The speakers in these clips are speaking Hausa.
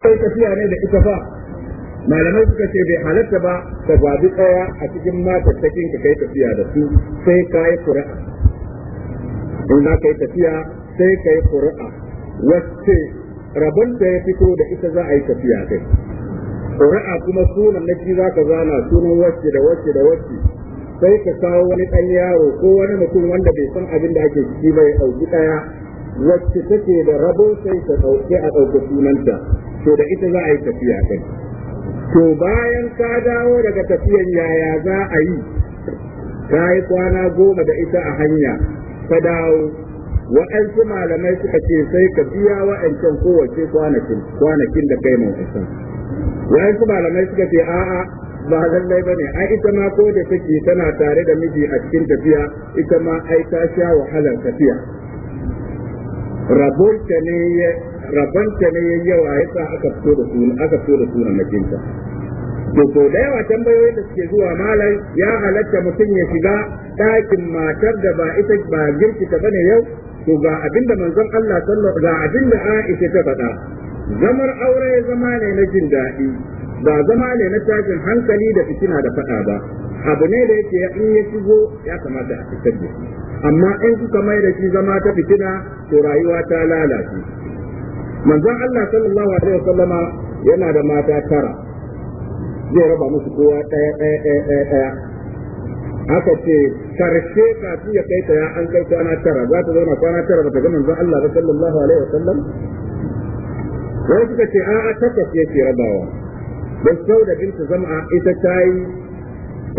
kai tafiya ne da ita fa? malamai suka ce bai halatta ba ka gwabi tsaya a cikin matattakin ka kai tafiya da su sai ka yi ƙuri'a in za ka yi tafiya sai ka yi ƙuri'a wacce rabon ya fito da ita za a yi tafiya kai ƙuri'a kuma sunan na za ka zana sunan wacce da wacce da wacce sai ka kawo wani ɗan yaro ko wani mutum wanda bai san abin da ake ciki ba ya ɗauki ɗaya wacce take da rabon sai ka ɗauke a ɗauki sunanta to da ita za a yi tafiya kai to bayan ka dawo daga tafiyan yaya za a yi ka yi kwana goma da ita a hanya ka dawo wa'ansu malamai suka ce sai ka biya wa'ancan kowace kwanakin da kai mawasa Wa'ansu malamai suka ce a'a ba lallai ba ne ai ita ma ko da take tana tare da miji a cikin tafiya ita ma ai ta sha wahalar tafiya rabonta ne ta ne yayi yawa yasa aka fito da sunan aka fito da sunan majinta to to da yawa tambayoyin da suke zuwa malam ya halatta mutum ya shiga ɗakin matar da ba ita ba girki ta bane yau to ga abinda manzon Allah sallallahu ga abinda Aisha ta faɗa zamar aure zama ne na jin daɗi ba zama ne na tashin hankali da fitina da faɗa ba abu ne da yake in ya shigo ya kamata a fitar da shi amma in kuka mai da shi zama ta fitina to rayuwa ta lalace manzon Allah sallallahu alaihi wasallama yana da mata tara zai raba musu kowa ɗaya ɗaya ɗaya ɗaya ɗaya aka ce karshe kafin ya kai ta ya an kai kwana tara za ta zauna kwana tara ba ta ga manzon Allah sallallahu alaihi wasallam wai suka ce a'a takwas yake rabawa don sau da binta zama ita ta yi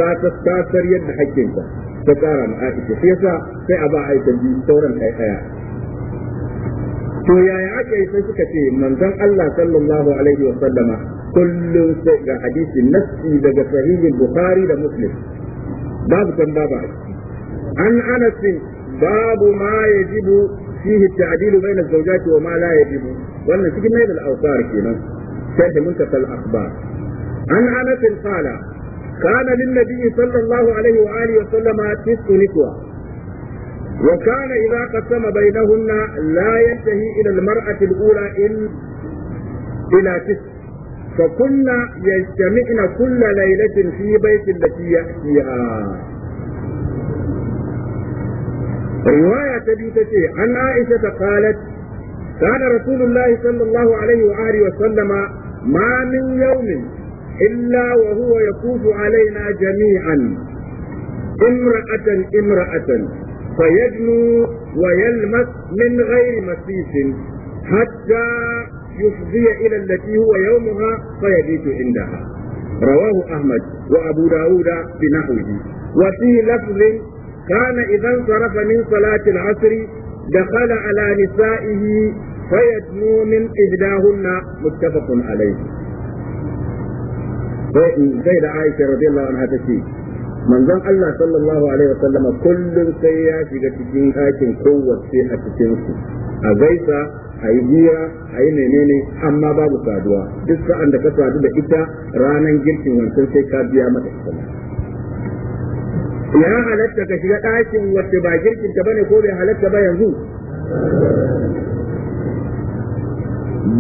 yadda hakkinta ta kara sai yasa sai a ba biyu sauran ɗaya ɗaya to yaya aka yi sai suka ce manzon Allah sallallahu alaihi wa sallama kullum sai ga hadisi nassi daga sahih bukhari da muslim babu kan babu an anas babu ma yajibu fihi ta'dilu bayna zawjati wa ma la yajibu wannan cikin mai da al-awsar kenan sai da muntaka al-akhbar an anas qala kana lin nabi sallallahu alaihi wa alihi wa sallama tisu nikwa وكان إذا قسم بينهن لا ينتهي إلى المرأة الأولى إلا إلى تسع فكنا يجتمعن كل ليلة في بيت التي يأتيها رواية تبيتتي عن عائشة قالت كان رسول الله صلى الله عليه وآله وسلم ما من يوم إلا وهو يطوف علينا جميعا امرأة امرأة فيدنو ويلمس من غير مسيس حتى يفضي إلى التي هو يومها فيبيت عندها رواه أحمد وأبو داود بنحوه وفي لفظ كان إذا انصرف من صلاة العصر دخل على نسائه فيدنو من إحداهن متفق عليه زيد عائشة رضي الله عنها تشيك manzon Allah sallallahu alaihi wa sallama kullum sai ya shiga cikin ɗakin kowace a cikin su a gaisa a yi jira a yi menene amma babu saduwa duk sa'an da ka sadu da ita ranan girkin wancan sai ka biya mata sallama ya halatta ka shiga ɗakin wacce ba girkin ta bane ko bai halatta ba yanzu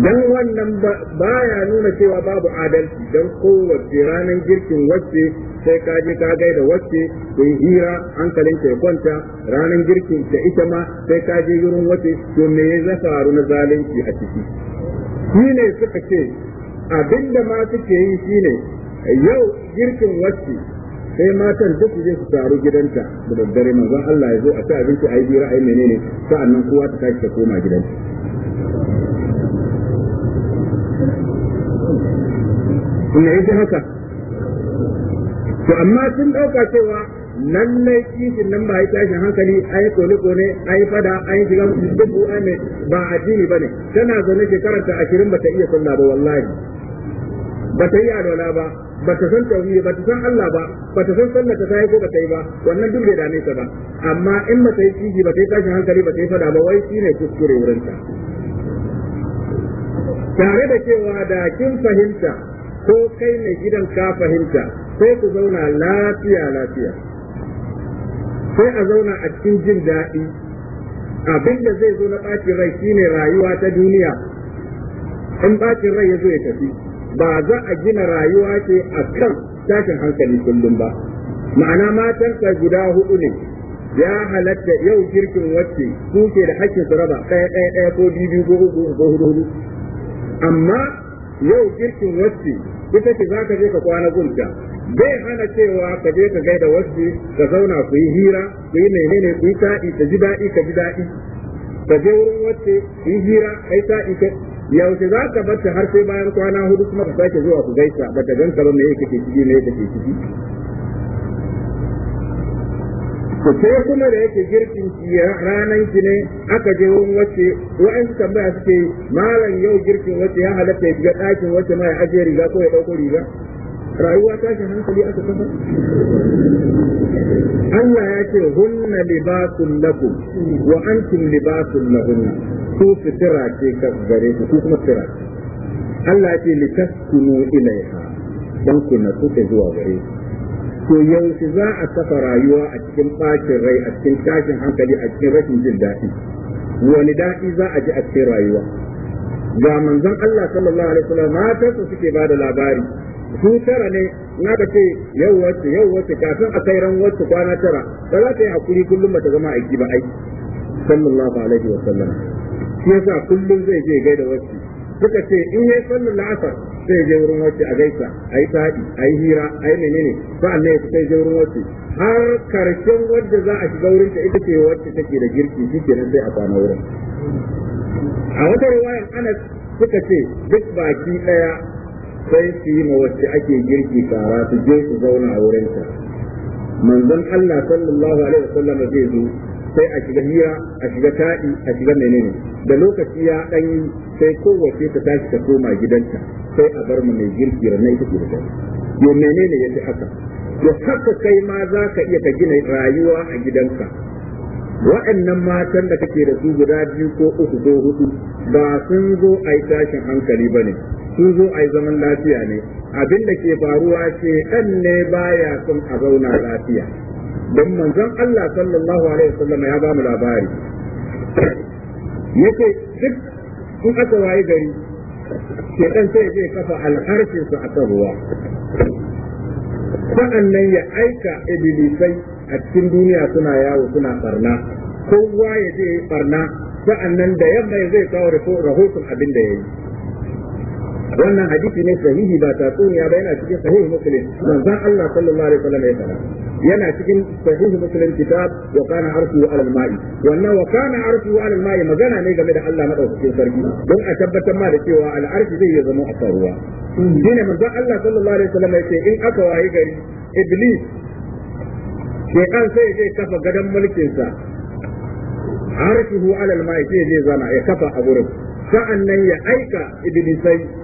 dan wannan baya nuna cewa babu adalci dan kowace ranan girkin wacce sai ka je ka gai da wacce da hira hankalin ke kwanta ranar girki da ita ma sai ka je yurin wacce to me ya za faru na zalunci a ciki shi ne suka ce abinda ma suke yi shine yau girkin wacce sai matan duk zai su taru gidanta da daddare manzo Allah ya zo a ci abinci a yi a yi menene sa'annan kowa ta tashi ta koma gidanta in haka to amma sun dauka cewa lallai kishin nan ba ya tashin hankali ai kone kone ai fada ai shiga dubu ai ba addini bane tana zaune shekarar ta 20 bata iya sallah ba wallahi bata yi alwala ba bata san tauhidi bata san Allah ba bata san sallah ta yi ko bata yi ba wannan duk bai dame ta ba amma in bata yi kishi bata yi tashin hankali bata yi fada ba wai shine kuskure wurin ta tare da cewa da kin fahimta ko kai ne gidan ka fahimta sai ku zauna lafiya lafiya sai a zauna a cikin jin daɗi abinda zai zo na ɓacin rai shine rayuwa ta duniya in ɓacin rai ya zo ya tafi ba za a gina rayuwa ce a kan tashin hankali kullum ba ma'ana ka guda hudu ne ya halatta yau girkin wacce suke da hakkin su raba ɗaya ɗaya ɗaya ko biyu ko uku ko hudu hudu amma yau girkin wacce ita ce za ka je ka kwana gunta bai hana cewa ka je ka gaida wasu ka zauna ku yi hira ku yi menene ku yi ta'i ka ji daɗi ka ji daɗi ka je wurin ku yi hira kai ta'i ka yaushe za ka bar har sai bayan kwana hudu kuma ka sake zuwa ku gaisa ba ta ganka ba me yake ciki me yake ciki sai kuma da yake girkin ranan ki ne aka je wurin wace wa'an su tambaya suke malam yau girkin wace ya halatta ya shiga ɗakin wace ma ya ajiye riga ko ya ɗauko riga rayuwa tashin hankali aka kafa Allah ya ce hunna libasun laku wa antum libasun lahunna su fitira ce ka gare ku ku kuma fitira Allah ya ce litaskunu ilaiha dan ku na ta zuwa gare ku to za a kafa rayuwa a cikin bakin rai a cikin tashin hankali a cikin rashin jin daɗi wani daɗi za a ji a cikin rayuwa ga manzon Allah sallallahu alaihi wasallam mata su suke bada labari su tara ne na ka ce yau wacce yau wacce kafin a kai ran wacce kwana tara ba za ta yi hakuri kullum ba ta zama aiki ba aiki sallallahu alaihi wa sallam shi yasa kullum zai je gaida wacce suka ce in yayi sallar la'asar sai je wurin wacce a gaisa ai sa'i yi hira yi menene sa'an ne sai je wurin wacce har karshen wanda za a shiga wurin ta ita ce wacce take da girki shike nan sai a kwana wurin a wata riwayar Anas suka ce duk baki ɗaya. sai su yi ma wacce ake girki fara su je su zauna a wurinta manzon Allah sallallahu alaihi wasallam zai zo sai a shiga hira a shiga taɗi a shiga menene da lokaci ya ɗanyi, sai kowace ta tashi ta koma gidanta sai a bar mu mai girki ranar ita ke da yo menene ya fi haka to haka kai ma za ka iya ka gina rayuwa a gidanka waɗannan matan da kake da su guda biyu ko uku ko hudu ba sun zo a yi tashin hankali ba ne sun zo a yi zaman lafiya ne abin da ke faruwa ce ɗan ne baya son a zauna lafiya don manzon Allah sallallahu alaihi wasallam ya ba mu labari yake duk kun aka waye gari ɗan sai zai kafa alharshin a kan ruwa sa'annan ya aika ibilisai a cikin duniya suna yawo suna barna kowa ya je barna sa'annan da yamma zai kawo rahoton abin da ya yi wannan hadisi ne sahihi ba tatsuniya ba yana cikin sahihi muslim manzon Allah sallallahu alaihi wasallam ya fara yana cikin sahihi muslim kitab wa kana arshu ala al-ma'i wannan wa kana arshu al-ma'i magana ne game da Allah madaukakin sarki don a tabbatar ma da cewa al-arshi zai zama a ruwa shine manzon Allah sallallahu alaihi wasallam ya ce in aka wayi gari iblis shekan sai zai kafa gadon mulkinsa arshuhu ala al-ma'i sai zai zama ya kafa a gurin sa'an nan ya aika ibilisai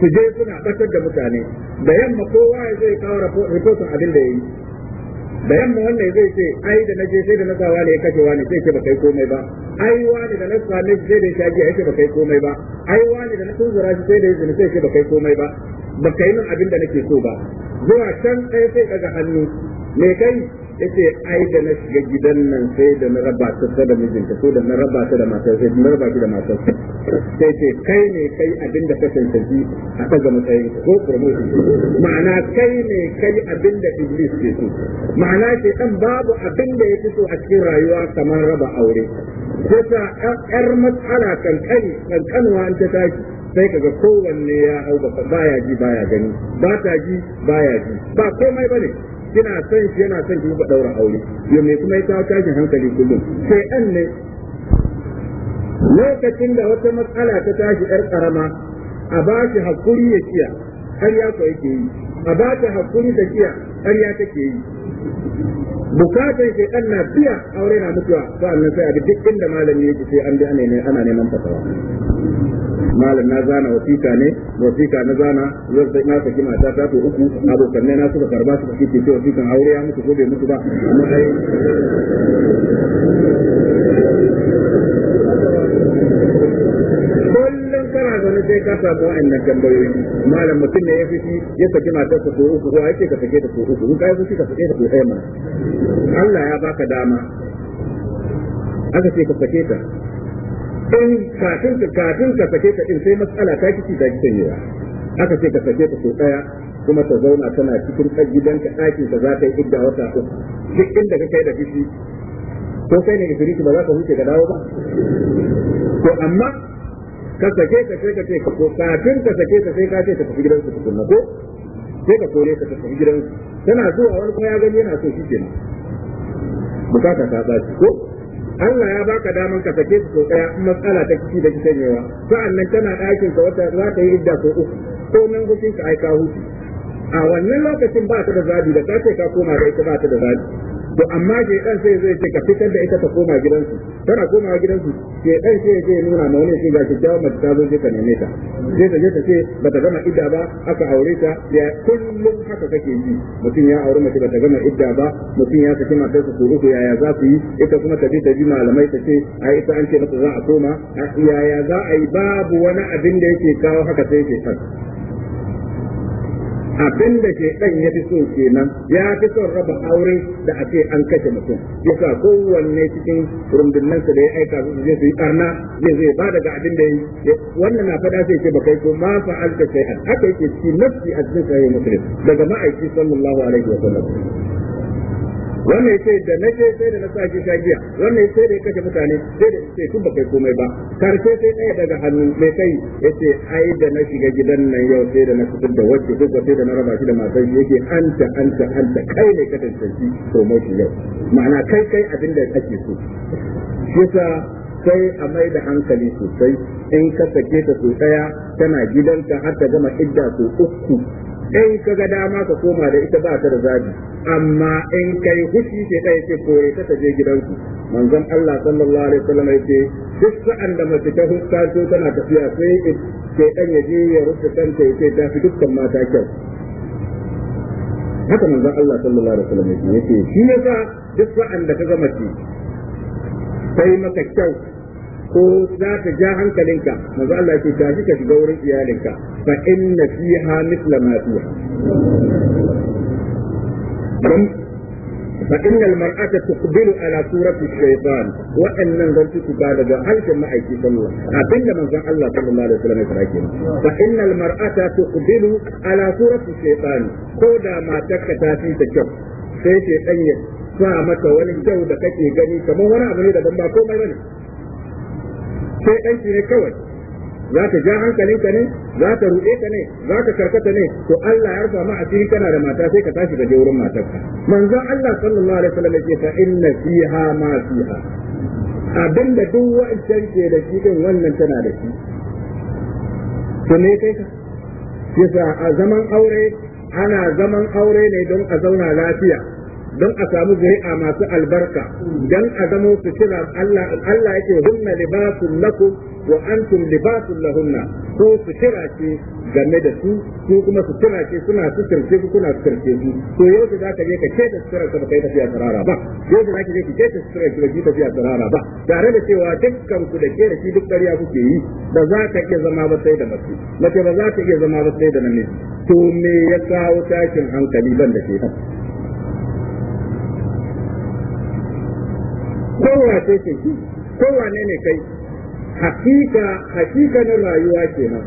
su je suna ɓatar da mutane da yamma kowa ya zai kawo rahoton abin da ya yi da yamma wannan zai ce ai da naje sai da na sawa ne ya kashe wani sai ce ba kai komai ba ai wani da na same shi sai da ya shaji ai ce ba kai komai ba ai wani da na tunzura shi sai da ya zina sai ce ba kai komai ba ba kai min abin da nake so ba zuwa can ɗaya sai daga hannu me kai yace ai da na shiga gidan nan sai da na raba ta da mijinta ko da na raba ta da matar sai na raba ki da matar sai ce kai ne kai abin da ka tantance a ta ga matsayin ko promotion ma'ana kai ne kai abin da iblis ke so ma'ana ce dan babu abin da yake so a cikin rayuwa kamar raba aure sai ta yar matsala kankani kankanwa an ta tashi sai kaga kowanne ya hau ba baya ji baya gani ba ta ji baya ji ba komai bane kina son shi yana son ki ba daura aure yo me kuma ya kawo tashin hankali kullum sai an ne lokacin da wata matsala ta tashi yar karama a ba shi hakuri ya kiya har ya ko yake yi a ba ta hakuri da kiya har ya take yi bukatan shi dan na biya aure na mutuwa sa'annan sai a duk inda malami yake sai an bi ana neman fasawa malam na zana wasiƙa ne wasiƙa na zana zai na saki mata ta to uku abokan na suka karba suka kike ce wasiƙan aure ya mutu ko bai mutu ba amma ai kullum kana zaune sai ka samu wa'annan tambayoyi malam mutum ne ya fushi ya saki matar ka uku ko ka sake ta uku in kai fushi ka sake ta ɗaya ma Allah ya baka dama aka ce ka sake ta in kafin ka kafin ka sake ka in sai matsala ta kici ta kike yi aka ce ka sake ta so daya kuma ta zauna tana cikin gidanka ɗakin ka za ta yi idda wata ko duk inda ka kai da kici ko kai ne ifiritu ba za ka huce ka dawo ba to amma ka sake ka sai ka ce ko kafin ka sake ka sai ka ce ka tafi ka tukunna ko sai ka kore ka tafi gidansu tana zuwa wani kuma ya gani yana so shi kenan bukata ta ba ko Allah ya baka daman ka sake su in matsala ta kici da kici tana ɗakin ka wata za ta yi idda ko uku ko nan gukin ka aika hutu a wannan lokacin ba ta da zabi da ta ka koma da ita ba ta da zabi to amma ke dan sai zai ce ka fitar da ita ta koma gidansu tana koma gidansu ke dan sai zai nuna ma wani sai ga kyakkyawan mace ta zo je ka neme ta sai ta je ta ce ba ta gama idda ba aka aure ta ya kullum haka kake yi mutum ya aure mace ba ta gama idda ba mutum ya saki matar su uku yaya za su yi ita kuma ta je ta ji malamai ta ce ai ita an ce mata za a koma yaya za a yi babu wani abin da yake kawo haka sai ke san abin da ke dan ya fi so kenan ya fi son raba aure da a ce an kashe mutum yasa kowanne cikin rundunan da ya aika su zai yi karna zai zai ba daga abin da yi wannan na fada sai ce bakai ko ma fa'alta shay'an haka yake cikin nafsi a cikin sahih muslim daga ma'aiki sallallahu alaihi wa sallam wannan ya ce da na je sai da na sa shi shagiya wannan ya ce da ya kashe mutane sai da sai tun ba kai komai ba karshe sai ɗaya daga hannu mai kai ya ce ai da na shiga gidan nan yau sai da na fitar da wacce duk sai da na raba shi da matan shi yake anta anta anta kai ne ka tantance to yau ma'ana kai kai abin da ake so shi sai a mai da hankali sosai in ka sake ta so tana gidanka har ta gama idda so uku in ka ga dama ka koma da ita ba ta da zabi amma in kai hushi ke kai ce kore ta je gidanku manzon Allah sallallahu alaihi wasallam yake duk sa'an da mace ta huska to tana tafiya sai ke dan yaje ya rufe kanta yake ta fi dukkan mata kyau haka manzon Allah sallallahu alaihi wasallam yake shi ne fa duk sa'an da ka ga mace sai maka kyau ko za ka ja hankalinka maza Allah ke tashi ka shiga wurin iyalinka fa inna fiha mislan nasiya dan fa inna almar'ata tuqbilu ala surati shaytan wa anna zanti tukada ga halka ma'aiki sallallahu Allah sallallahu alaihi wasallam ya tsare fa inna almar'ata tuqbilu ala surati shaytan ko da matarka ta fi ta kyau sai ke danye sa mata wani kyau da kake gani kamar wani abu ne daban ba komai bane sai ɗan ne kawai za ta ja hankalinka ne za ta ruɗe ka ne za ka karkata ne to Allah ya rufa ma cikin kana da mata sai ka tashi ka je wurin ka manzon Allah sallallahu alaihi wasallam yake fa inna fiha ma fiha abinda duk wa'ancan ke da shi din wannan tana da shi to me kai ka yasa a zaman aure ana zaman aure ne don a zauna lafiya don a samu zuri'a masu albarka dan a zama su kira Allah Allah yake hunna libasun lakum wa antum libasun lahunna ko su kira ce game da su ko kuma su kira ce suna su kirce ku kuna su kirce su to yau da ka je ka ce da sura ka kai tafiya tsarara ba yau da ka je ka ce da sura ka kai tafiya tsarara ba tare da cewa dukkan ku da ke da shi duk ƙarya kuke yi ba za ka iya zama ba sai da mace mace ba za ta iya zama ba sai da namiji to me ya kawo tashin hankali ban da ke kowa ce ce shi kowa ne ne kai hakika na rayuwa ke nan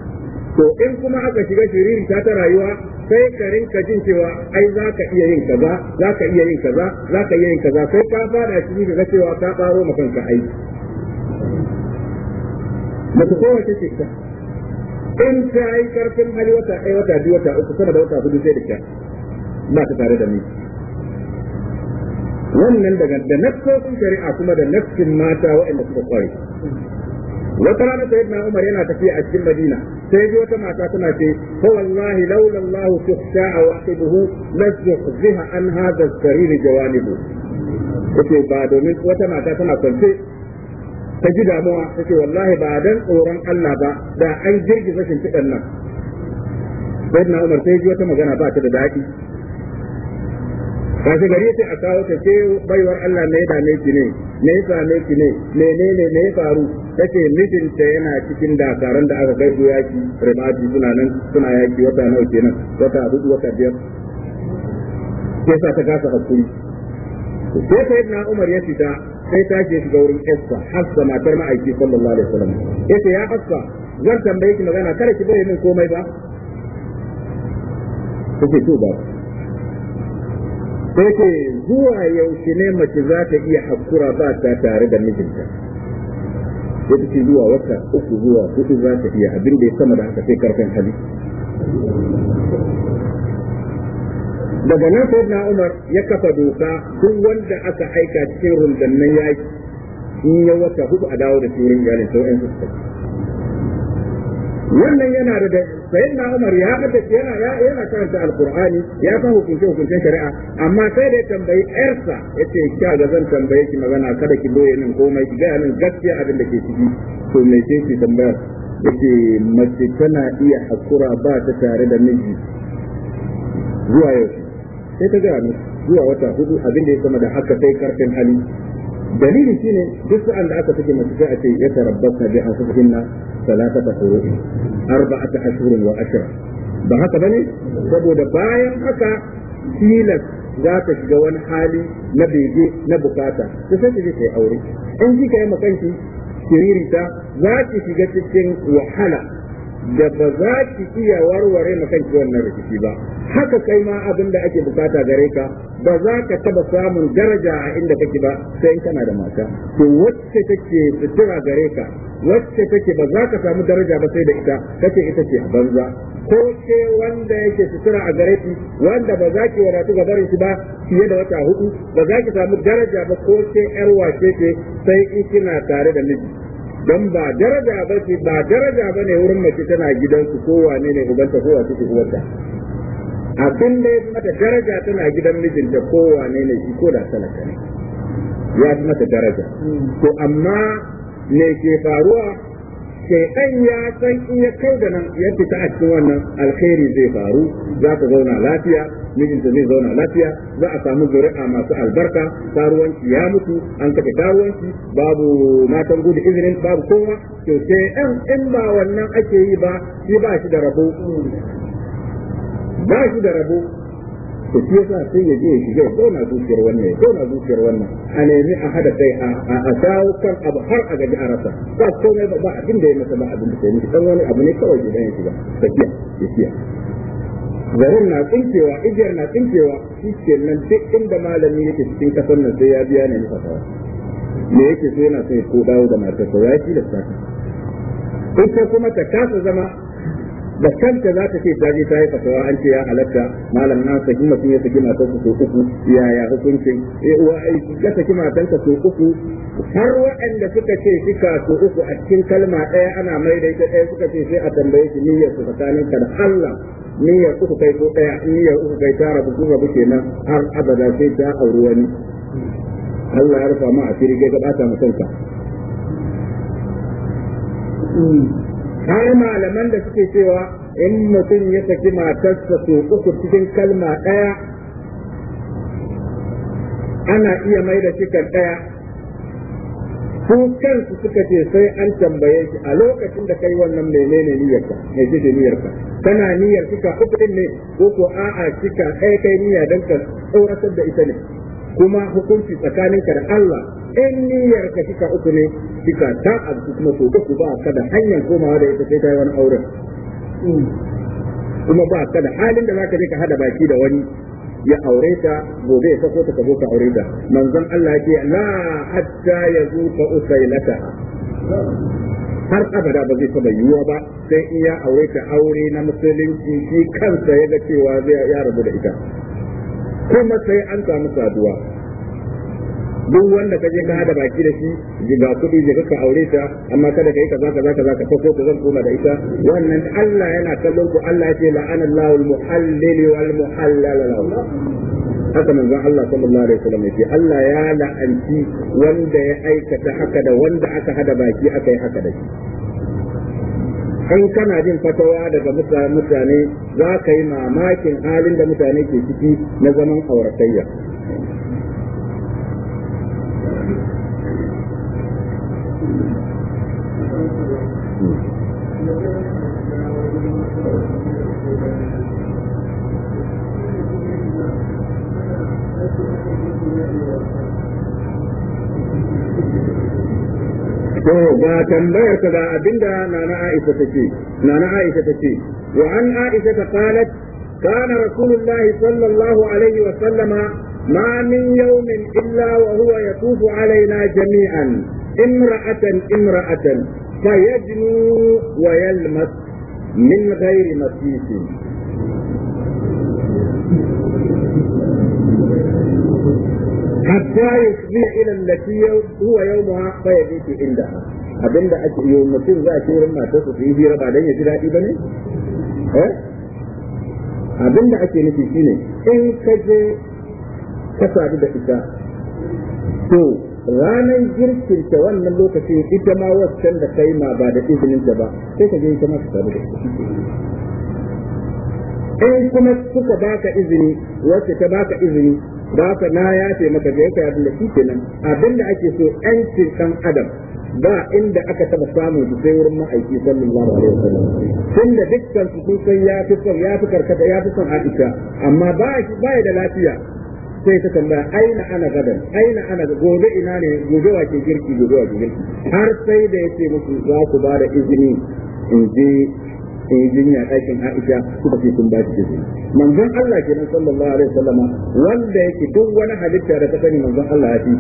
to in kuma aka shiga shiriri ta ta rayuwa sai ka rinka jin cewa ai za ka iya yin kaza za ka iya yin kaza za ka iya yin kaza sai ka fada shi ka ga cewa ka karo ma kanka aiki mutum kowa ce ce ta in ta yi karfin hali wata ɗaya wata biyu wata uku sama da wata hudu sai da ta ba ta tare da ni wannan daga da nassosin shari'a kuma da nassin mata waɗanda suka kware wata rana sai na Umar yana tafiya a cikin Madina sai ji wata mata tana ce fa wallahi laula Allah tuhsha wa aqibuhu la yuhziha an hadha sarir jawanibu kace ba domin wata mata tana kwance ta ji damuwa kace wallahi ba dan tsoron Allah ba da an girgiza shin kidan nan sai na Umar sai ji wata magana ba ta da daɗi kashi gari sai a kawo ta ce baiwar Allah me ya dame ki ne me ya same ki ne menene me ya faru tace mijinta yana cikin dakaran da aka gaisu yaki ribadi suna nan suna yaki wata nawa kenan wata hudu wata biyar sai sa ta kasa hakuri sai sai na Umar ya fita sai ta ke shiga wurin Esther Hafsa matar ma'aiki sallallahu alaihi wasallam yace ya Hafsa zan tambaye ki magana kada ki bare komai ba kace to ba sai ce zuwa yaushe ne mace za ta iya hakura ba ta tare da mijinta sai ta ce zuwa wata uku zuwa hudu za ta iya abin da ya sama da haka sai karfin hali daga nan sai na umar ya kafa doka duk wanda aka aika cikin rundannan yaki in ya wata hudu a dawo da shi wurin iyalin sau'in su wannan yana da sayyidina Umar ya haddace yana yana karanta alqur'ani ya san hukunce hukuncen shari'a amma sai da ya tambayi yarsa yace kya ga zan tambayi ki magana kada ki boye min komai ki ga min gaskiya abin da ke ciki to me tambaya mace tana iya hakura ba ta tare da miji zuwa yau sai ta ga zuwa wata hudu abin da ya sama da haka sai karfin hali dalili shine duk sa'an da aka take mace sai a ce ya tarabbata bi an na salatata furu'i arba'ata ashhurun wa ashra ba haka bane saboda bayan haka tilas za ta shiga wani hali na bege na bukata ta sai ta je aure in kika yi makanki shiririta za ki shiga cikin wahala da ba za ki iya warware makan kanki wannan rikici ba haka kai ma abin da ake bukata gare ka ba za ka taba samun daraja a inda kake ba sai in kana da mata to wacce take sutura gare ka wacce take ba za ka samu daraja ba sai da ita kace ita ce a banza ko ce wanda yake sutura a gare ki wanda ba za ki wadatu ga barin shi ba fiye da wata hudu ba za ki samu daraja ba ko ce yar wace ke sai in kina tare da miji don ba daraja ba ce ba daraja ba ne wurin mace tana gidansu ko wane ne ubanta ko wace uwarta abin da ya mata daraja tana gidan mijinta ko wane ne shi ko da talaka ya mata daraja hmm. to amma me ke faruwa shaidan ya san in ya kai da nan ya fita a cikin wannan alkhairi zai faru za ka zauna lafiya mijinta zai zauna lafiya za a samu zuri'a masu albarka taruwanci ya mutu an kafa taruwanci babu matan gudu izinin babu kowa to shaidan in ba wannan ake yi ba shi ba shi da rabo ba shi da rabo to shi yasa sai ya je ya shiga ya zuciyar wannan ya zuciyar wannan a nemi a hada kai a dawo kan abu har a gaji a rasa ba komai ba abin da ya masa ba abin da ya masa dan wani abu ne kawai idan ya shiga tafiya tafiya garin na tsinkewa igiyar na tsinkewa shi ke nan duk inda malami yake cikin kasar nan sai ya biya ne masa kawai me yake so yana so ya ko dawo da matar ya shi da sata ita kuma ta kasa zama da kanta za ta ce taje ta yi fasawa an ce ya halatta malam na saki mutum ya saki matar su so uku ya hukuncin eh uwa ai eh, ka saki matar ka so uku har waɗanda suka ce kika so uku a cikin kalma ɗaya ana mai da ita ɗaya suka ce sai a tambaye shi niyyar su tsakanin ka Allah niyyar uku kai ko ɗaya niyyar uku kai ta rabu ko rabu kenan har abada sai ta auri wani Allah ya rufa ma asiri ga bata mutunta har malaman da suke cewa in mutum ya saki matarsa to uku cikin kalma ɗaya ana iya mai da shi ɗaya su kansu suka ce sai an tambaye shi a lokacin da kai wannan menene ne mai kike niyyarka kana niyyar kika uku ne ko ko a'a kika kai kai niyya dan ka tsoratar da ita ne kuma hukunci tsakaninka da Allah in niyyar ka kika uku ne kika ta abu kuma to ku ba ka da hanyar komawa da ita sai ta wani auren kuma ba ka da halin da zaka je ka hada baki da wani ya aure ta gobe ya sako ta ka aure ta manzon Allah yake la hatta ka usailata har abada ba zai taba yiwuwa ba sai in ya aure ta aure na musulunci shi kansa ya ga cewa zai ya rabu da ita kuma sai an samu saduwa duk wanda ka je ka hada baki da shi ga kuɗi je ka aure ta amma kada kai kaza kaza kaza ka fako ka zan koma da ita wannan Allah yana kallon ku Allah ya ce la'ana Allahu al-muhallil wal muhallal haka manzon Allah sallallahu alaihi wasallam yace Allah ya la'anci wanda ya aikata haka da wanda aka hada baki aka yi haka da shi in kana jin fatawa daga mutane za ka yi mamakin halin da mutane ke ciki na zaman auratayya to ga tambayar ka ga abinda nana Aisha take nana Aisha take wa an Aisha ta qalat kana rasulullahi sallallahu alaihi wa sallama ma min yawmin illa wa huwa yatufu alaina jami'an imra'atan imra'atan fayajnu wa yalmas min ghairi masifin حتى يسمي إلى allati هو يومها fa عندها أبن abinda ake yi mutum za a ce wurin su yi hira ba dan ya ji daɗi ba ne abinda ake nufi shine in ka je ka da ita to ranar girkin ta wannan lokaci ita ma waccan da kai ma ba da izinin ta ba sai ka je ita ma ka da ita in kuma suka baka izini wacce ta baka izini da haka na ce maka da yake abin da kike nan abin da ake so yancin dan adam ba inda aka taba samun su sai wurin ma'aiki sallallahu alaihi wasallam da dukkan su sun san ya fi son ya fi karkata ya fi son Aisha amma ba ya da lafiya sai ta tambaya aina ana gadan aina ana gobe ina ne gobe wa ke girki gobe wa ke girki har sai da ya ce musu za ku ba da izini in je sai ya jinya ɗakin Aisha suka ce sun ba shi manzon Allah kenan sallallahu alaihi wasallam wanda yake duk wani halitta da ta sani manzon Allah ya fi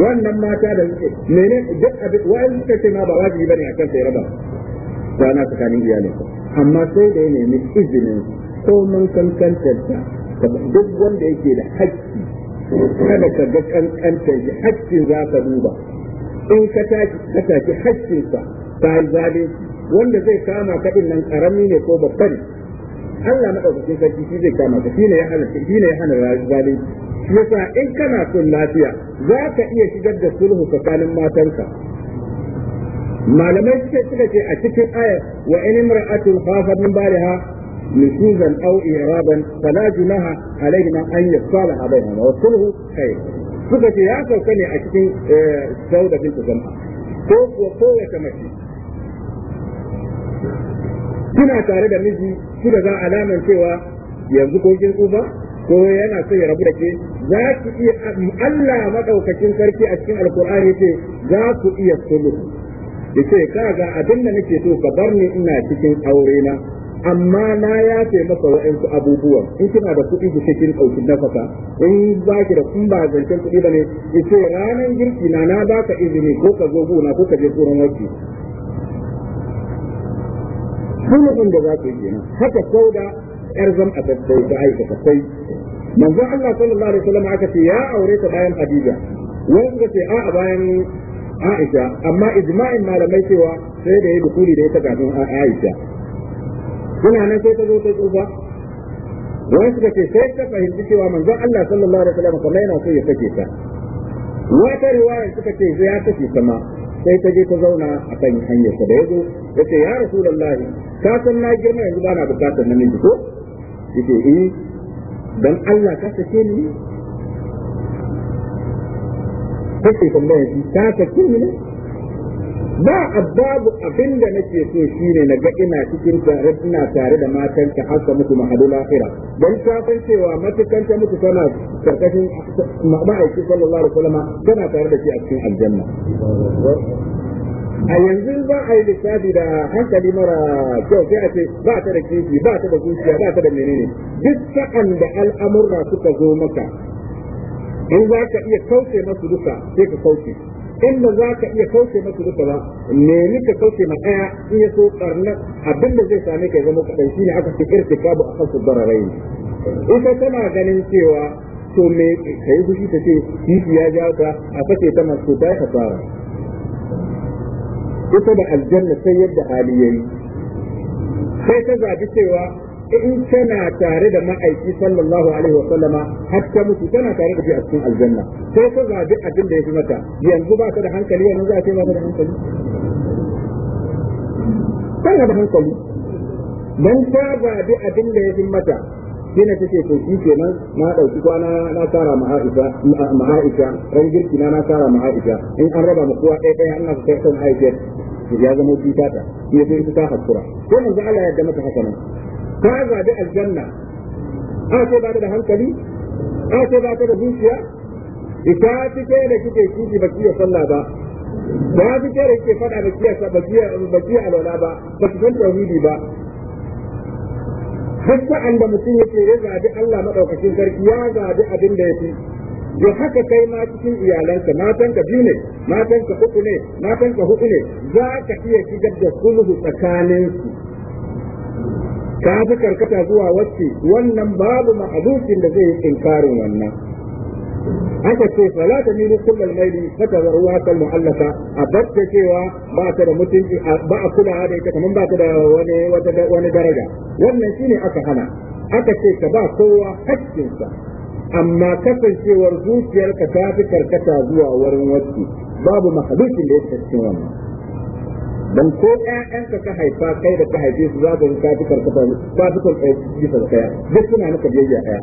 wannan mata da suke mene duk abin wa'in suka ce ma ba wajibi bane akan sai raba rana tsakanin iyalinsa amma sai da ya nemi izinin ko mun duk wanda yake da hakki kada ka ga kankantar shi hakkin za ka duba in ka tashi ka tashi hakkinsa yi zalunci wanda zai kama ka din nan karami ne ko babba ne Allah madaukakin sarki shi zai kama ka shine ya shine ya hana zalunci shi yasa in kana son lafiya za ka iya shigar da sulhu tsakanin matanka malamai suke suka ce a cikin ayar wa in imra'atun khafat min baliha nusuzan aw iraban fala junaha alayhima an yasalaha bainahuma wa sulhu khair suka ce ya sauka ne a cikin eh, sauda bintu zam'a ko kuwa kowace mace kina tare da miji shi da za alaman cewa yanzu ko kin tsufa ko yana so ya rabu da ke za ku iya Allah madaukakin sarki a cikin alkur'ani ce za ku iya da ce kaga abin da nake so ka bar ni ina cikin aure na amma na ya ce maka wa'ansu abubuwan in kina da kuɗi ki cikin ɗauki nafaka in ba ki da kun ba zancen kuɗi ba ne ki ce ranar girki na na ba ka izini ko ka zo gona ko ka je tsoron wasu sanadin da za ku yi nan haka sauda yar zam a tattai ta aikata sai manzo Allah sallallahu alaihi wasallam aka ce ya aure ta bayan Khadija wani suka ce a bayan Aisha amma ijma'in malamai cewa sai da ya dukuli da ya ita kafin Aisha suna nan sai ta zo ta tsufa wani suka ce sai ta fahimci cewa manzon Allah sallallahu alaihi wasallam kamar yana so ya kace ta wata riwaya suka ce ya kace ta ma sai ta je ta zauna a kan hanyar da yazo ya ce ya rasulullahi ka san na girma yanzu ba na bukatar namiji ko yace eh dan Allah ka sake ni kake tambaya shi ka sake ni ne ba babu abin da nake so shine na ga ina cikin tare ina tare da matan ka hasa muku mahadu lahira don ta san cewa matukan ta muku tana karkashin ma'aiki sallallahu alaihi wasallam tana tare da shi a cikin aljanna a yanzu ba a yi lissafi da hankali mara kyau sai a ce ba ta da kifi ba ta da zuciya ba ta da menene duk sa'an da al'amurra suka zo maka in za ka iya kauce masu duka sai ka kauce inda za ka iya kauce masu duka ba nemi ka kauce ma ɗaya in ya so karnar abin da zai same ka zama kaɗan ne aka fi kabu a kansu bararai ita tana ganin cewa to me ka yi fushi ta ce kifi ya ja ta a fashe ta masu ta ka fara ita da aljanna sai yadda hali ya yi sai ta zabi cewa in kana tare da ma'aiki sallallahu alaihi wa sallama har ta mutu kana tare da shi a cikin aljanna sai ka zabi abin da ya mata yanzu ba ka da hankali yanzu za ka ba ka da hankali kana da hankali dan ta zabi abin da ya mata dina take to shi kenan na dauki kwana na kara ma Aisha ran girki na na kara ma in an raba mu kowa ɗaya ɗaya Allah ka san Aisha ya zama cuta ta ya sai ta hakura sai manzo Allah ya yarda mata haka ta zabi aljanna a ce ba da hankali a ce ba ta da zuciya ita ta ce da kike kiji ba kiyo sallah ba ba fi ce da kike fada ba kiyo ba kiyo ba kiyo alwala ba ba ki san tauhidi ba duk sa'an da mutum yake ya zabi Allah madaukakin sarki ya zaɓi abin da yafi don haka kai ma cikin iyalanka matanka biyu ne matanka uku ne matanka hudu ne za ka iya shigar da sulhu tsakaninsu ka fi karkata zuwa wacce wannan babu ma'abucin da zai yi inkarin wannan aka ce fala ta miru kullal maili fata ruwa kal mu'allaka a batta cewa ba ta da mutunci ba a kula da ita kamar ba ta da wani wani daraja wannan shine aka hana aka ce ka ba kowa hakkinsa amma kasancewar zuciyarka ta fi karkata zuwa wurin wacce babu mahalukin da ya cikin wannan dan ko ƴaƴanka ka haifa kai da ka haife su za ka ka fi karkata ka fi karkata bisa kaya duk suna maka biyayya ɗaya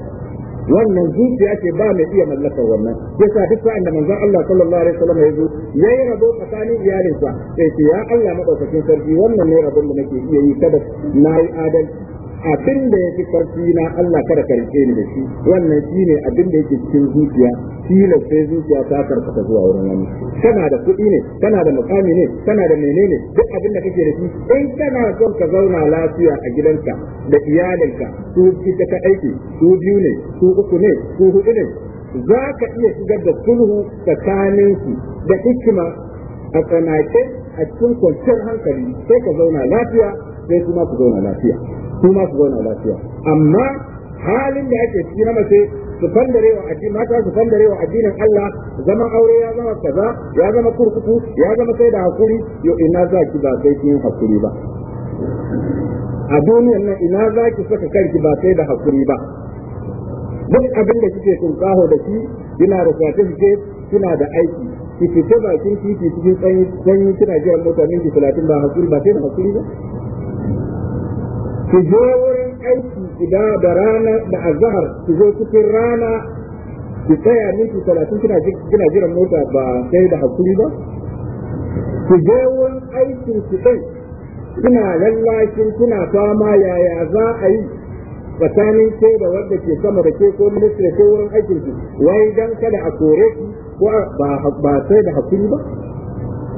wannan zuciya ce ba mai iya mallakar wannan yasa duk sa'an da manzon Allah sallallahu alaihi wasallam ya zo yayi rabo tsakanin iyalinsa sai ya Allah madaukakin sarki wannan ne rabon da nake iya yi kada na yi adalci abin da ya fi karfi na Allah kada ka rike ni da shi wannan shi ne abin da yake cikin zuciya tilas sai zuciya ta karkata zuwa wurin wani Tana da kuɗi ne kana da mukami ne kana da menene duk abin da kake da shi in kana son ka zauna lafiya a gidanka da iyalinka su kika ka aiki su biyu ne su uku ne su hudu ne za ka iya shigar da sulhu tsakaninku da hikima a tsanake a cikin kwanciyar hankali sai ka zauna lafiya sai kuma ku zauna lafiya su ma su zauna lafiya amma halin da ake ciki na mace su fandarewa addini mata su fandarewa addinin Allah zaman aure ya zama kaza ya zama kurkuku ya zama sai da hakuri yo ina za ki ba sai kin hakuri ba a duniyan nan ina za ki saka kanki ba sai da hakuri ba duk abin da kike kaho da shi kina da ke kina da aiki ki fita bakin titi cikin sanyi kina jiran mutanen ki 30 ba hakuri ba sai da hakuri ba ki je wurin aiki ida da rana da azhar ki zo cikin rana ki tsaya minti talatin kina kina jiran mota ba sai da hakuri ba ki je wurin aikin ki kai kina lallashin kina fama yaya za a yi tsakanin ke da wanda ke sama da ke ko ministry ko wurin aikin ki wai dan kada a kore ki ko ba ba sai da hakuri ba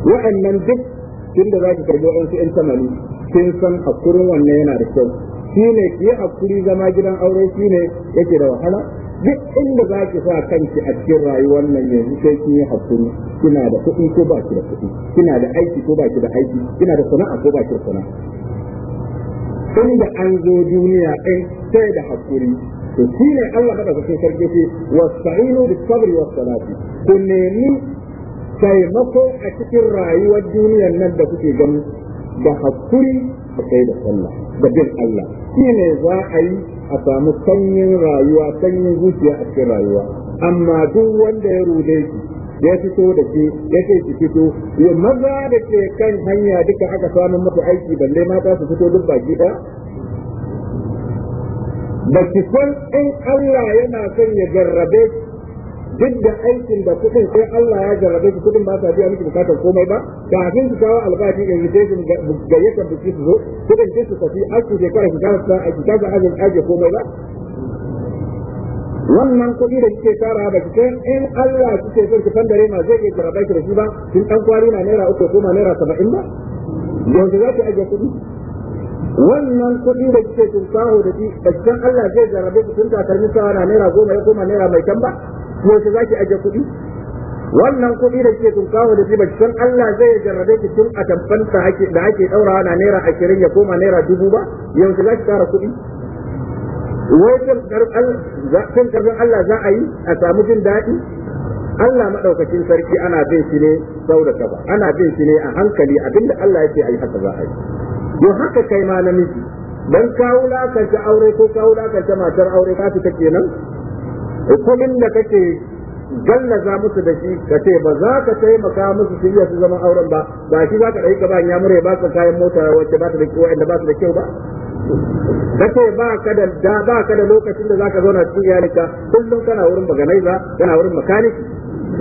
wa'annan duk tun da za ka karbi wa'ansu yan tamani kin san hakurin wannan yana da kyau shi ne ki hakuri zama gidan aure shi ne yake da wahala duk inda za ki sa kanki a cikin rayuwar nan yanzu sai kin yi hakuri kina da kuɗi ko ba ki da kuɗi kina da aiki ko ba ki da aiki kina da sana'a ko ba ki da sana'a inda an zo duniya ɗin sai da hakuri to shi ne Allah da sun sarki ce wasta'inu bis sabri was salati ku nemi taimako a cikin rayuwar duniyar nan da kuke gani da hakuri a kai da sallah da bin Allah shi ne za a yi a samu sanyin rayuwa sanyin zuciya a cikin rayuwa amma duk wanda ya rude shi ya fito da ke ya ce ki fito ya maza da ke kan hanya duka aka samu muku aiki balle mata su fito duk baki ɗaya ba ki san in Allah yana son ya jarrabe duk da aikin da kuɗin sai Allah ya jarrabe ku kuɗin ba sa biya miki bukatar komai ba kafin su kawo albashi invitation gayyata biki su zo kuɗin sai su tafi aiki shekara ki kasa aiki kasa ajin aje komai ba wannan kuɗi da kike tara ba ki in Allah kike son ki fandare ma zai iya jarrabe ki da shi ba kin dan kwari na naira uku ko ma naira saba'in ba yanzu za ki aje kuɗi wannan kuɗi da kike tunkaho da shi da Allah zai jarrabe ki tun takarmi sawa na naira goma ya koma naira mai kan ba yaushe zaki aje kuɗi wannan kuɗi da ke tunkawo da riba san Allah zai jarrabe ki tun a tamfanta da ake ɗaurawa na naira ashirin ya koma naira dubu ba yaushe ki ƙara kuɗi wai kan karfin Allah za a yi a samu jin daɗi Allah maɗaukacin sarki ana bin shi ne sau da gaba ana bin shi ne a hankali abinda Allah yake a yi haka za a yi yau haka kai ma namiji dan kawo lakanta aure ko kawo lakanta matar aure ka fita kenan kuɗin da kake gallaza musu da shi ka ce ba za ka taimaka musu shirya su zama auren ba ba shi za ka ɗauki ba ya mure ba ka kayan mota wacce ba ta da kyau ba su da kyau ba kace ba ka da da ba ka da lokacin da zaka zauna cikin iyalinka kullum kana wurin maganaiza kana wurin makaniki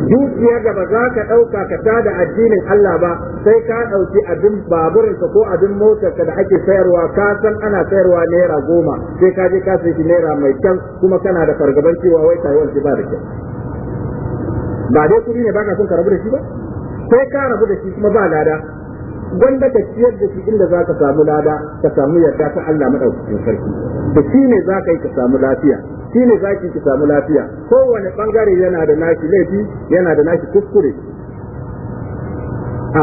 dukiyar da ba za ka ɗauka ka tada addinin Allah ba sai ka ɗauki abin baburinka ko abin motarka da ake sayarwa ka san ana sayarwa naira goma sai ka je ka sai shi naira mai kyan kuma kana da fargaban cewa wai tayuwar ba da kyan ba dai kuɗi ne baka son ka rabu da shi ba sai ka rabu da shi kuma ba lada wanda ka ciyar da shi inda za ka samu lada ka samu yarda ta Allah madaukakin sarki da shi ne za ka yi ka samu lafiya shi ne za ki samu lafiya kowane bangare yana da nashi laifi yana da nashi kuskure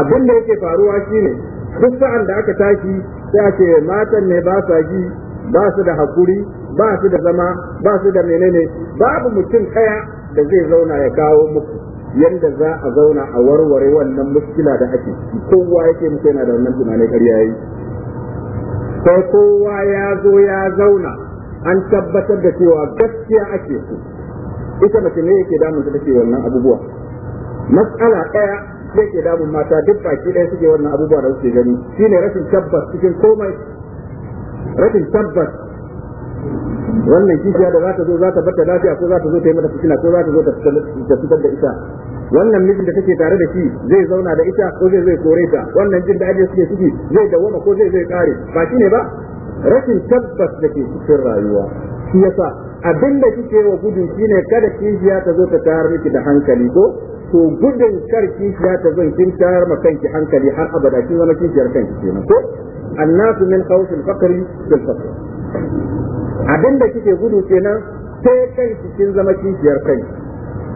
abin da yake faruwa shine duk sa'an da aka tashi sai a ce matan ne ba sa ji ba su da hakuri ba su da zama ba su da menene babu mutum kaya da zai zauna ya kawo muku Yadda za a zauna a warware wannan muskila da ake kowa yake muke yana da wannan tunanin ƙarya yi sai kowa ya zo ya zauna an tabbatar da cewa gaskiya ake so ita mace ne yake damun ta take wannan abubuwa matsala ɗaya ke damun mata duk baki ɗaya suke wannan abubuwa da suke gani shine rashin tabbas cikin komai rashin tabbas wannan kishiya da za ta zo za ta bata lafiya ko za ta zo ta yi mata fitina ko za ta zo ta fitar da ita wannan mijin da take tare da shi zai zauna da ita ko zai zai kore ta wannan jin da ajiye suke ciki zai dawoma ko zai zai kare ba shi ne ba rashin tabbas da ke cikin rayuwa shi yasa abin da kike wa gudun shine kada kishiya ta zo ta tayar miki da hankali ko to gudun kar kishiya ta zo kin tayar ma kanki hankali har abada kin zama kishiyar kanki kenan ko annasu min khawfil faqri bil faqr abin da kike gudu kenan sai kai cikin zama kishiyar kai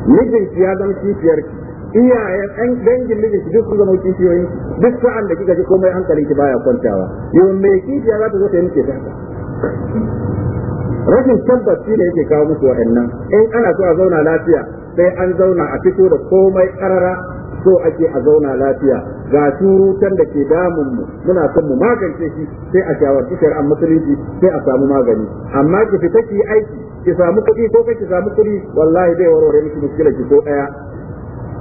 mijinki ya zama kishiyar ki iyayen an dangin mijinki duk sun zama kishiyoyin duk sa'an da kika ji komai hankali ki baya kwantawa yau me kishiya za ta zo ta yanke miki rashin tabbas ne yake kawo musu waɗannan in ana so a zauna lafiya sai an zauna a fito da komai karara so ake a zauna lafiya ga surutan da ke damun mu muna son mu magance shi sai a shawarci an musulunci sai a samu magani amma ki fita ki aiki ki samu kuɗi ko ki samu kuɗi wallahi zai warware miki muskilar ki ko ɗaya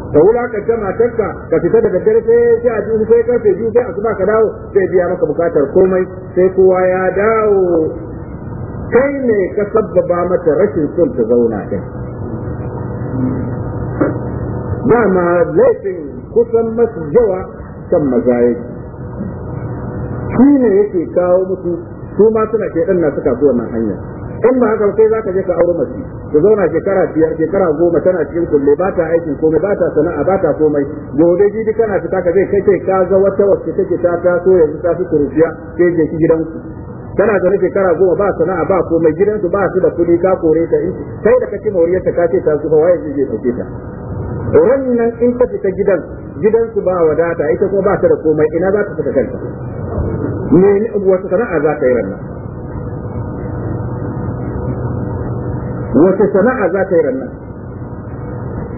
Ka wulakanta matarka ka fita daga dare sai sai a jihu sai karfe biyu sai asuba ka dawo sai biya maka bukatar komai sai kowa ya dawo kai ne ka sabbaba mata rashin son ta zauna din dama laifin kusan masu yawa kan maza yake shi ne yake kawo musu su ma suna ke ɗan na suka nan hanya in ba haka sai za ka je ka auri mace ka zauna shekara biyar shekara goma tana cikin kulle ba ta aikin komai ba ta sana'a ba ta komai gobe jibi kana fita ka zai kai kai ka ga wata wacce take ta taso yanzu ta fi kurufiya sai je ki gidanku tana da shekara goma ba sana'a ba komai gidansu ba su da kuɗi ka kore ta in kai da kake mauriyar ta kace ta zuba waye zai je dauke ta rannan in ta fita gidan gidansu ba wadata ita kuma ba ta da komai ina za ta fita kanta ne wata sana'a za ta yi rannan wata sana'a za ta yi rannan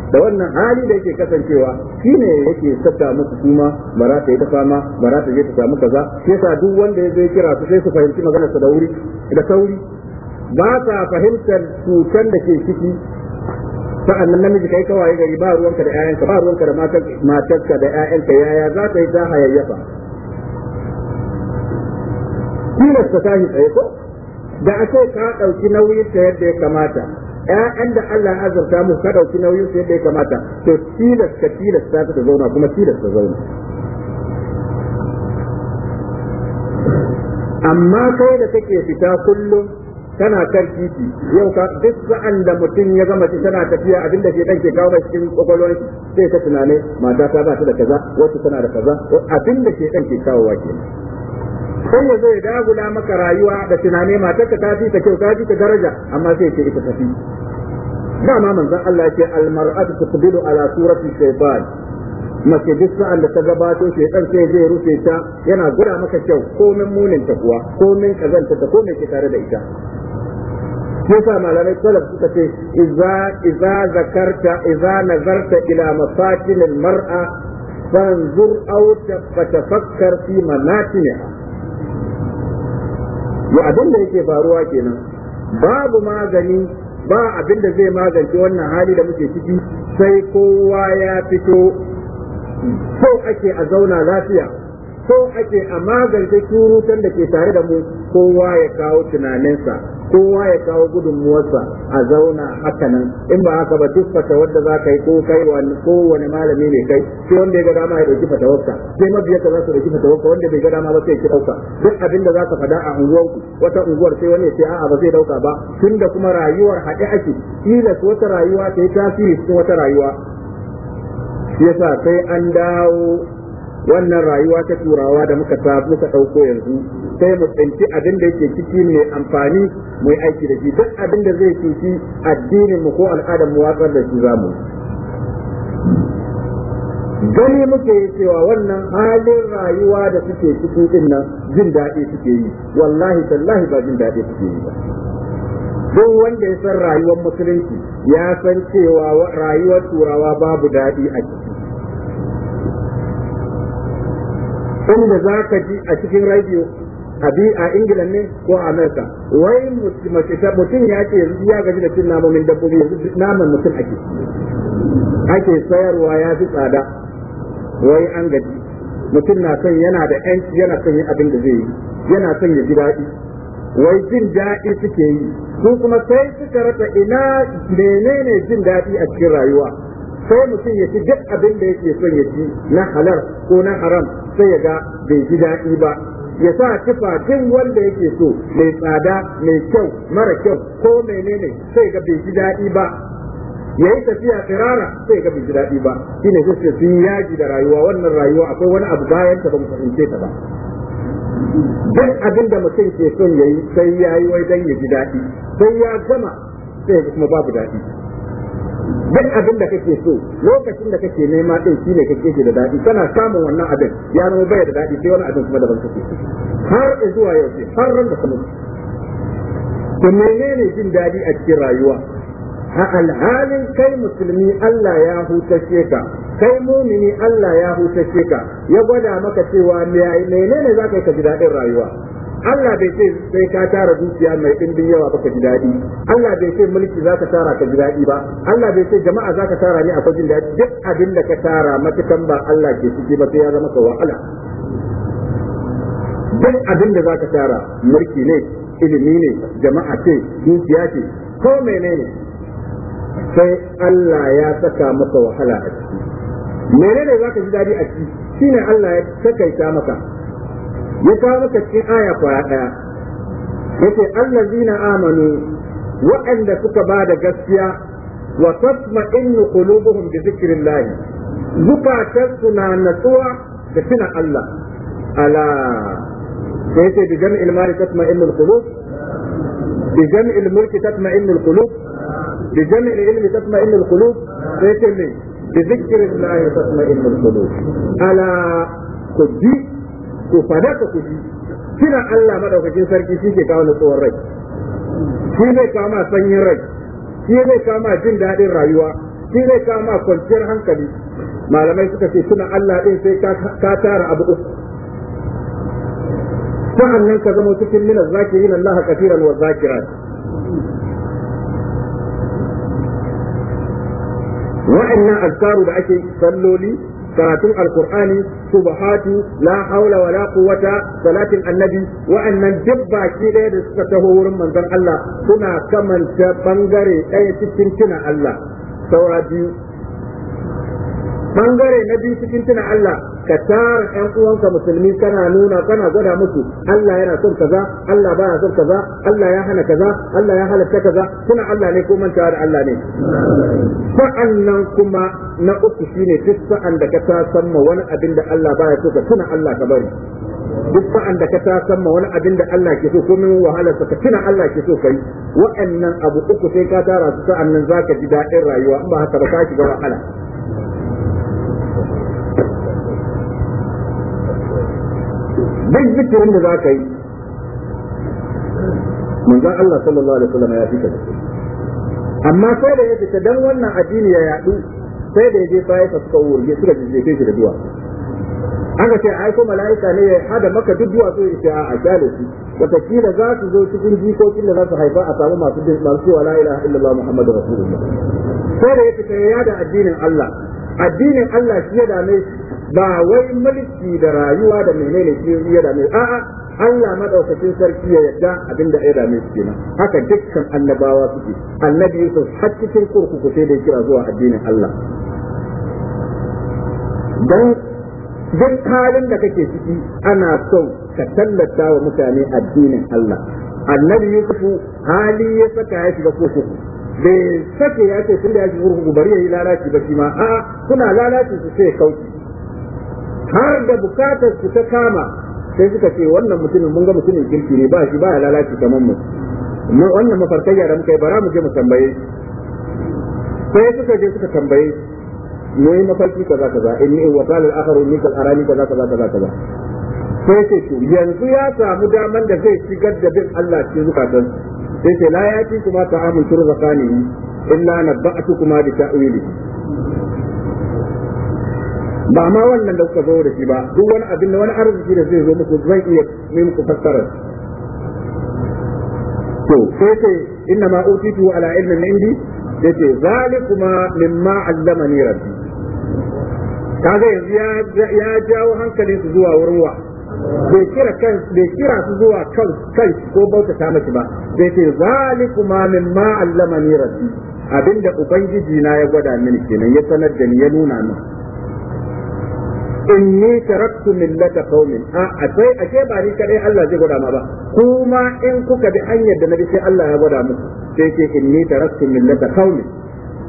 da wannan hali da yake kasancewa shi ne yake saka musu kuma ba ta yi ta fama mara ta je ta samu kaza sai sa duk wanda ya zo kira su sai su fahimci maganarsa da wuri da sauri ba sa fahimtar cutar da ke ciki sa'an nan namiji kai kawai gari ba ruwanka da ƴaƴanka ba ruwanka da matarka da ƴaƴanka yaya za ta yi ta hayayyafa tilas ta tashi tsaye ko da a ce ka ɗauki nauyin ta yadda ya kamata ƴaƴan da Allah ya azurta mu ka ɗauki nauyin su yadda ya kamata to tilas ka tilas ta ta zauna kuma tilas ta zauna amma kai da take fita kullum tana kan titi yau ka duk sa'an da mutum ya gama ci tana tafiya abin da ke dan ke kawo cikin kwakwalwar sai ka tunane mata ta ba da kaza wasu tana da kaza abin da ke dan ke kawo wa sai ya zo ya dagula maka rayuwa da tunane mata ka ta fi ta kyau ta fi ta daraja amma sai ce ita tafi dama manzon Allah ya ce al mar'atu tuqbilu ala surati shaytan mace duk sa'an da ta gabato shi dan sai zai rufe ta yana gura maka kyau komin munin ta kuwa komin kazanta ta komai ke tare da ita yasa malamai salaf suka ce iza iza zakarta iza nazarta ila mafatin almar'a fanzur aw tafakkar fi manatiha ya abin da yake faruwa kenan babu magani ba abin da zai magance wannan hali da muke ciki sai kowa ya fito ko ake a zauna lafiya ko ake a magance surutan da ke tare da mu kowa ya kawo tunaninsa kowa ya kawo gudunmuwarsa a zauna nan in ba haka ba duk fata wadda za ka yi ko kai kowane malami ne kai sai wanda ya ga dama ya dauki fatawarka sai mabiyarka za su dauki wadda wanda bai ga dama ba sai ki dauka duk abin da za ka faɗa a unguwarku wata unguwar sai wani sai a'a ba zai dauka ba tunda kuma rayuwar haɗe ake tilas wata rayuwa ta yi tasiri cikin wata rayuwa yasa sai an dawo wannan rayuwa ta turawa da muka sa muka ɗauko yanzu sai mu tsinci abin da yake ciki mai amfani mu aiki da shi duk abin da zai cuci addinin mu ko al'adar mu watsar da shi zamu gani muke cewa wannan halin rayuwa da suke ciki din nan jin daɗi suke yi wallahi tallahi ba jin daɗi suke yi ba duk wanda ya san rayuwar musulunci ya san cewa rayuwar turawa babu daɗi a ciki inda za ka ji a cikin radio bi a ingila ne ko a amerika wai mutum ya ce yanzu ya gaji da cin namomin dabbobi yanzu naman mutum ake ake sayarwa ya fi tsada wai an gaji mutum na son yana da yanci yana son yin abin da zai yi yana son ya ji daɗi wai jin daɗi suke yi su kuma sai suka rata ina menene jin daɗi a cikin rayuwa sai mutum ya ci duk abin da yake son ya ci na halar ko na haram sai ya ga bai ji daɗi ba ya sa tufa wanda yake so mai tsada mai kyau mara kyau ko menene sai ga bai ji daɗi ba ya yi tafiya tsirara sai ga bai ji daɗi ba shine sai sun yaji da rayuwa wannan rayuwa akwai wani abu bayan ta ba mu fahimce ta ba duk abin da mutum ke son ya yi sai ya yi wai dan ya ji daɗi sai ya gama sai kuma babu daɗi duk abin da kake so lokacin da kake nema din shi ne kake ke da daɗi kana samun wannan abin ya zama bai da daɗi sai wani abin kuma daban kake har zuwa yau sai har ran da kuma to menene jin daɗi a cikin rayuwa a alhalin kai musulmi Allah ya hutace ka kai mumini Allah ya hutace ka ya gwada maka cewa menene za ka yi ka ji daɗin rayuwa Allah bai ce sai ka tara dukiya mai ɗimbin yawa ba ka ji daɗi Allah bai ce mulki za ka tara ka ji daɗi ba Allah bai ce jama'a za ka tara ne a jin daɗi duk abin da ka tara matukan ba Allah ke ciki ba sai ya zama ka wahala duk abin da za ka tara mulki ne ilimi ne jama'a ce dukiya ce ko menene sai Allah ya saka maka wahala a ciki menene za ka ji daɗi a ciki shine Allah ya takaita maka ya kawo maka cikin aya kwaya daya yace allazina amanu waɗanda suka ba da gaskiya wa tatma'innu qulubuhum bi zikrillah zukatansu na natsuwa da tuna Allah ala sai yace bi jam'il mali tatma'innu alqulub bi jam'il mulki tatma'innu alqulub bi jam'il ilmi tatma'innu alqulub sai yace bi zikrillah tatma'innu alqulub ala ku ji to fada ka kuji kina Allah madaukakin sarki shi ke kawo nutsuwar rai shi ne kama sanyin rai shi ne kama jin daɗin rayuwa shi ne kama kwanciyar hankali malamai suka ce suna Allah ɗin sai ka tara abu uku sa'annan ka zama cikin minan zakirin Allah kafiran wa zakiran wa'annan azkaru da ake salloli karatun Alkur'ani, Subahatu, la haula wala quwwata salatin annabi wa'annan duk baki ɗaya da suka taho wurin manzon Allah suna kamanta bangare ɗaya cikin tuna Allah saura biyu bangare na biyu cikin tuna Allah ka tara ƴan uwanka musulmi kana nuna kana gwada musu Allah yana son kaza Allah baya son kaza Allah ya hana kaza Allah ya halatta kaza kuna Allah ne ko mantawa da Allah ne sa'annan kuma na uku shine duk sa'an da ka ta ma wani abin da Allah baya so ka tuna Allah ka bari duk sa'an da ka ta ma wani abin da Allah ke so komai wahala ka tuna Allah ke so kai wa'annan abu uku sai ka tara su sa'annan zaka ji daɗin rayuwa in ba haka ba ka shiga wahala duk zikirin da za ka yi manzon Allah sallallahu alaihi wasallam ya fita amma sai da ya fita dan wannan addini ya yadu sai da ya je sai suka wurge suka jijjefe shi da duwa aka ce ai ko mala'ika ne ya hada maka duk duwa sai ya a kyale su watakila za su zo cikin jikokin da za su haifa a samu masu masu la ilaha illallah muhammadu rasulullah sai da ya fita ya yada addinin Allah addinin Allah shi ya dame shi ba wai mulki da rayuwa da menene shi ya dame a'a Allah madaukakin sarki ya yadda abinda ya dame su kenan haka dukkan annabawa suke annabi Yusuf har cikin kurkuku sai da kira zuwa addinin Allah dan duk halin da kake ciki ana son ka tallata wa mutane addinin Allah annabi Yusuf hali ya saka ya shiga kurkuku bai sake ya ce tun da ya shiga kurkuku bari ya yi lalaci ba shi ma a'a kuna lalaci su sai kauci har da bukatar su ta kama sai suka ce wannan mutumin mun ga mutumin kirki ne ba shi ba ya lalace kamar mu wannan mafarkai yara muka yi bara mu je mu tambaye sai suka je suka tambaye ne mafarki kaza kaza inni in wa qala al-akharu inni kal arani kaza kaza kaza kaza sai ce to yanzu ya samu daman da zai shigar da bin Allah cikin zukatan sai ce la ya yati kuma ta ta'amul turzakani illa nabba'tu kuma bi ta'wili ba ma wannan da kuka zo da shi ba duk wani abin da wani arziki da zai zo muku zai iya mai muku fassara to sai ce inna ma utitu ala ilmin indi yace zalikuma mimma allamani rabbi kaga yanzu ya jawo hankali su zuwa wurwa bai kira kan bai kira su zuwa kan kai ko bautata miki ba bai ce zalikuma mimma allamani rabbi abinda ubangiji na ya gwada mini kenan ya sanar da ni ya nuna mini inni taraktu millata qaumin a sai ashe ba ni kadai Allah zai gwada ma ba kuma in kuka bi hanyar da nabi sai Allah ya gwada muku sai ce inni taraktu millata qaumin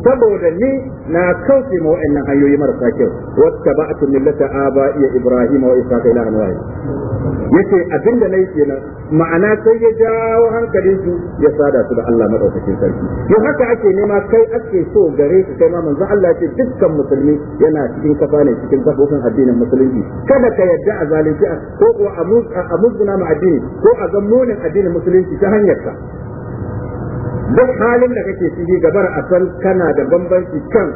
saboda ni na kauce ma wa'annan hanyoyi marasa kyau wata ba a millata ba iya ibrahim wa isa kai lahan waye yace abinda nayi kenan ma'ana sai ya jawo hankali su ya sada su da Allah madaukakin sarki to haka ake nema kai ake so gare su kai ma manzon Allah ce dukkan musulmi yana cikin kafa ne cikin kafofin addinin musulunci kada ka yadda a zalunci a ko a muzguna ma addini ko a zammonin addinin musulunci ta hanyar ka duk halin da kake ciki gabar a san kana da bambanci kan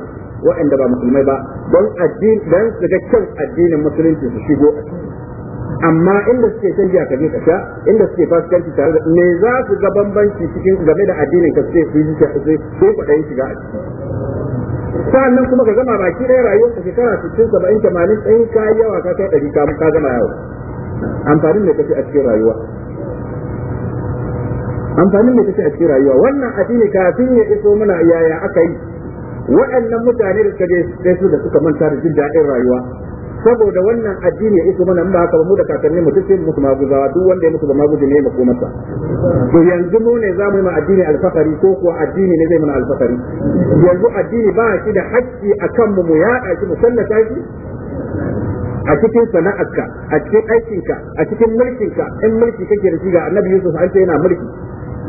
waɗanda ba musulmai ba don addini don su ga kyan addinin musulunci su shigo a ciki amma inda suke shan jiya ka je ka sha inda suke fasikanci tare da me za su ga bambanci cikin game da addinin ka sai su yi ka sai sai kwaɗayin shiga a ciki sa'annan kuma ka gama baki ɗaya rayuwar ka shekara sittin saba'in tamanin ɗayin ka yawa ka kai ɗari ka gama yawa amfanin da kake a cikin rayuwa amfanin mai kace a cikin rayuwa wannan addini kafin ya iso mana yaya aka yi waɗannan mutane da suka je su da suka manta da jin daɗin rayuwa saboda wannan addini ya iso mana ba haka mu da kakanni mu duk kuma maguzawa duk wanda ya musu ba maguzi ne ba ko masa to yanzu mu ne za ma addini alfakari ko kuwa addini ne zai mana alfakari yanzu addini ba shi da hakki akan mu mu yaɗa shi mu sallata shi a cikin sana'arka a cikin aikinka a cikin mulkinka in mulki kake da shi ga annabi Yusuf an ce yana mulki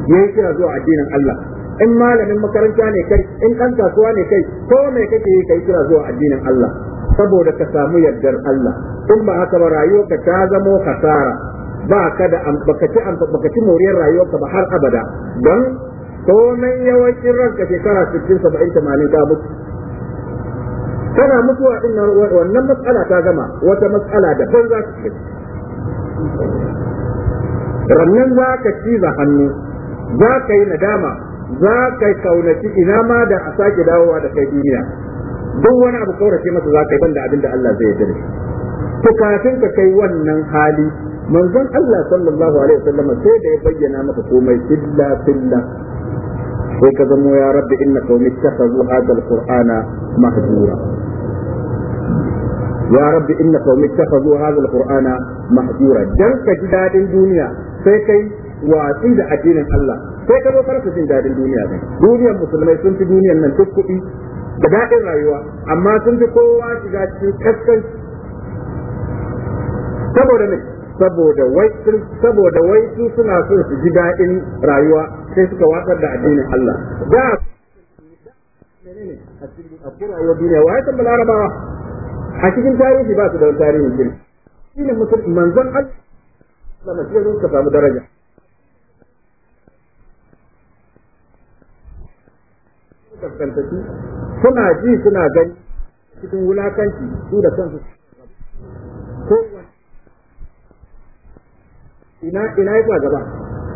yayi kira zuwa addinin Allah in malamin makaranta ne kai in dan kasuwa ne kai ko me kake yi kai kira zuwa addinin Allah saboda ka samu yardar Allah in ba haka ba rayuwarka ta zama kasara ba ka da baka ci baka ci moriyar rayuwarka ba har abada don komai yawancin ranka shekara 60 70 80 ta mutu kana mutuwa din wannan matsala ta gama wata matsala da ban za ta ci rannan za ka ciza hannu za ka yi nadama za ka kaunaci ina ma da a sake dawowa da kai duniya duk wani abu kaurace masa za ka yi banda abin da Allah zai yi dare. to kafin ka kai wannan hali manzon Allah sallallahu alaihi wasallam sai da ya bayyana maka komai illa illa sai ka zamo ya rabbi inna qaumi ittakhadhu hadha alqur'ana mahdura ya rabbi inna qaumi ittakhadhu hadha alqur'ana mahdura dan ka ji dadin duniya sai kai watsi da addinin Allah sai ka zo farka jin dadin duniya ne duniyar musulmai sun fi duniyar nan duk kuɗi da daɗin rayuwa amma sun fi kowa shiga cikin kaskan saboda ne saboda wai saboda wai su suna son su ji daɗin rayuwa sai suka watsar da addinin Allah da a cikin rayuwar duniya wa ya san balarabawa a cikin tarihi ba su da tarihin gini shine musulmi manzon Allah da mace zo ka samu daraja kaskantattu suna ji suna gani cikin wulakanci su da kansu ina ina ya gaba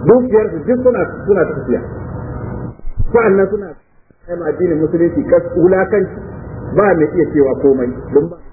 dukiyar su duk suna suna tafiya sa'annan suna kai ma addinin musulunci kas wulakanci ba mai iya cewa komai don ba